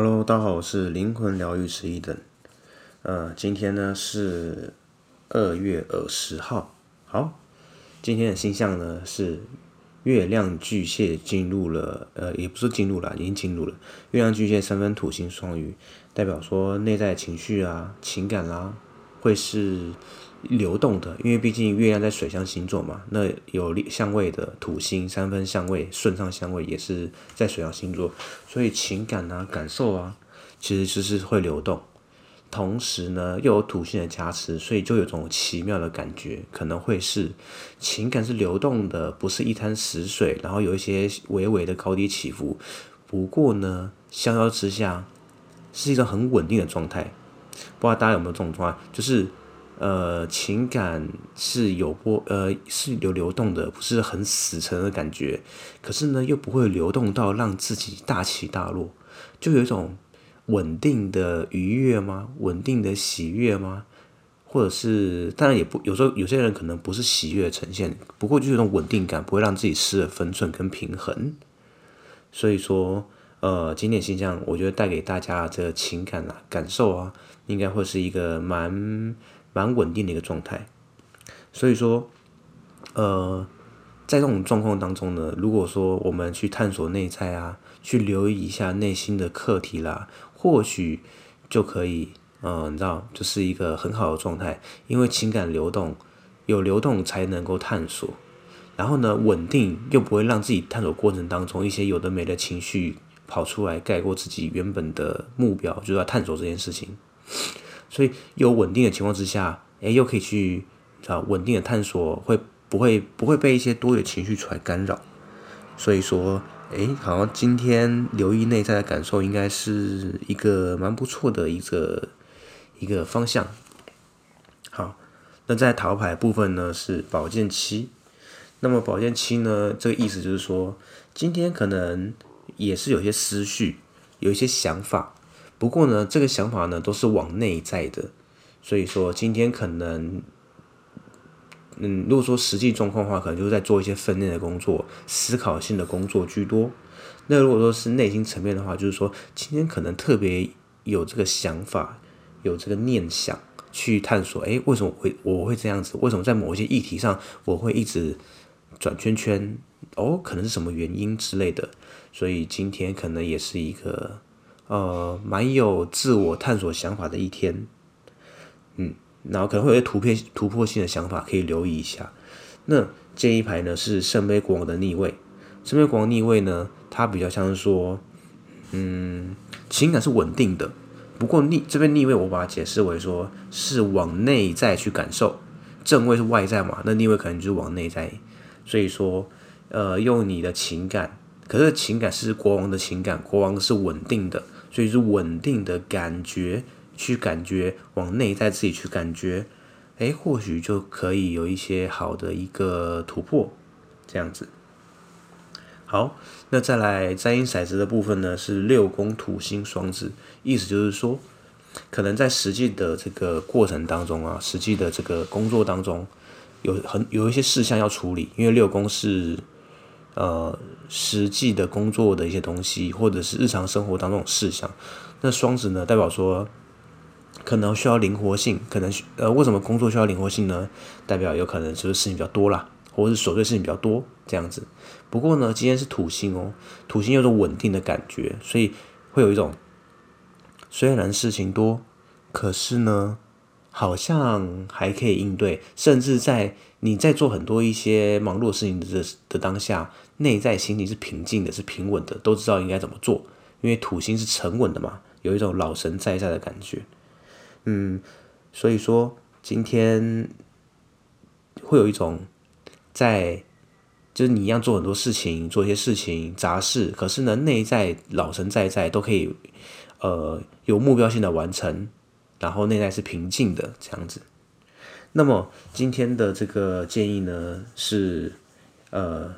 Hello，大家好，我是靈魂療癒師 Eden，呃，今天呢是二月二十號，好，今天的星象呢是月亮巨蟹進入了，呃，也不是進入了，已經進入了月亮巨蟹三分土星雙魚，代表說內在情緒啊、情感啦、啊，會是。流動的，因為畢竟月亮在水象星座嘛，那有相位的土星三分相位，順上相位也是在水象星座，所以情感啊、感受啊，其實就是會流動。同時呢，又有土星的加持，所以就有種奇妙的感覺，可能會是情感是流動的，不是一灘死水，然後有一些微微的高低起伏。不過呢，相較之下，是一個很穩定的狀態。不知道大家有沒有這種狀態，就是。呃，情感是有波，呃，是有流動的，不是很死沉的感覺。可是呢，又不會流動到讓自己大起大落，就有一種穩定的愉悅嗎？穩定的喜悅嗎？或者是當然也不，有時候有些人可能不是喜悅呈現，不過就是一種穩定感，不會讓自己失了分寸跟平衡。所以說，呃，今天的星象，我覺得帶給大家的這個情感啊、感受啊，應該會是一個蠻。蠻穩定的一個狀態，所以說，呃，在這種狀況當中呢，如果說我們去探索內在啊，去留意一下內心的課題啦，或許就可以，嗯、呃，你知道，這、就是一個很好的狀態，因為情感流動，有流動才能夠探索，然後呢，穩定又不會讓自己探索過程當中一些有的沒的情緒跑出來，蓋過自己原本的目標，就是要探索這件事情。所以有穩定的情況之下，哎，又可以去找穩定的探索，會不會不會被一些多餘的情緒出來干擾？所以說，哎，好像今天留意內在的感受，應該是一個蠻不錯的一個一個方向。好，那在塔牌的部分呢，是寶劍七，那麼寶劍七呢，這個意思就是說，今天可能也是有些思緒，有一些想法。不過呢，這個想法呢都是往內在的，所以說今天可能，嗯，如果說實際狀況的話，可能就是在做一些分內的工作，思考性的工作居多。那如果說是內心層面的話，就是說今天可能特別有這個想法，有這個念想去探索，誒，為什麼會我會這樣子？為什麼在某一些議題上我會一直轉圈圈？哦，可能是什麼原因之類的。所以今天可能也是一個。呃，蠻有自我探索想法的一天，嗯，然後可能會有些突破突破性的想法可以留意一下。那這一排呢是聖杯國王的逆位，聖杯國王逆位呢，它比較像是說，嗯，情感是穩定的，不過逆這邊逆位我把它解釋為說是往內在去感受，正位是外在嘛，那逆位可能就是往內在，所以說，呃，用你的情感，可是情感是國王的情感，國王是穩定的。所以是穩定的感覺，去感覺，往內在自己去感覺，哎、欸，或許就可以有一些好的一個突破，這樣子。好，那再來摘陰骰子的部分呢，是六宮土星雙子，意思就是說，可能在實際的這個過程當中啊，實際的這個工作當中，有很有一些事項要處理，因為六宮是。呃，實際的工作的一些東西，或者是日常生活當中的事項，那雙子呢，代表說，可能需要靈活性，可能需呃，為什麼工作需要靈活性呢？代表有可能就是事情比較多啦，或者是瑣碎事情比較多這樣子。不過呢，今天是土星哦，土星有種穩定的感覺，所以會有一種雖然事情多，可是呢。好像還可以應對，甚至在你在做很多一些忙碌的事情的的當下，內在心裡是平靜的，是平穩的，都知道應該怎麼做，因為土星是沉穩的嘛，有一種老神在在的感覺。嗯，所以說今天會有一種在，就是你要做很多事情，做一些事情、雜事，可是呢，內在老神在在，都可以呃有目標性的完成。然後內在是平靜的這樣子，那麼今天的這個建議呢是，呃，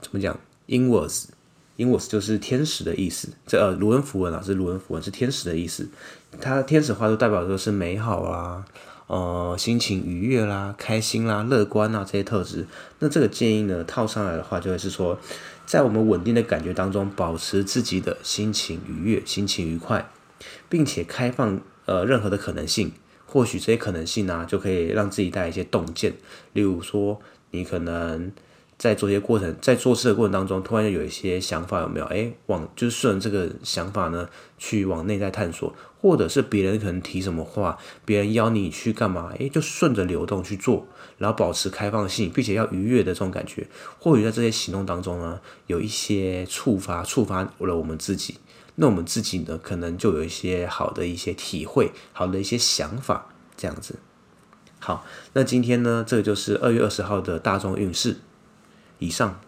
怎麼講？Ingwaz，Ingwaz 就是天使的意思。這、呃、盧恩符文啊，是盧恩符文，是天使的意思。它天使化就代表說是美好啦、啊，呃，心情愉悅啦、啊，開心啦、啊，樂觀啊這些特質。那這個建議呢套上來的話，就會是說，在我們穩定的感覺當中，保持自己的心情愉悅，心情愉快，並且開放。呃，任何的可能性，或許這些可能性呢、啊，就可以讓自己帶來一些洞見。例如說，你可能在做些過程，在做事的過程當中，突然就有一些想法，有沒有？哎，往就是順着這個想法呢，去往內在探索，或者是別人可能提什麼話，別人邀你去幹嘛？哎，就順着流動去做，然後保持開放性，並且要愉悅的這種感覺，或許在這些行動當中呢，有一些觸發，觸發了我們自己。那我們自己呢，可能就有一些好的一些體會，好的一些想法，這樣子。好，那今天呢，這個就是二月二十號的大眾運勢，以上。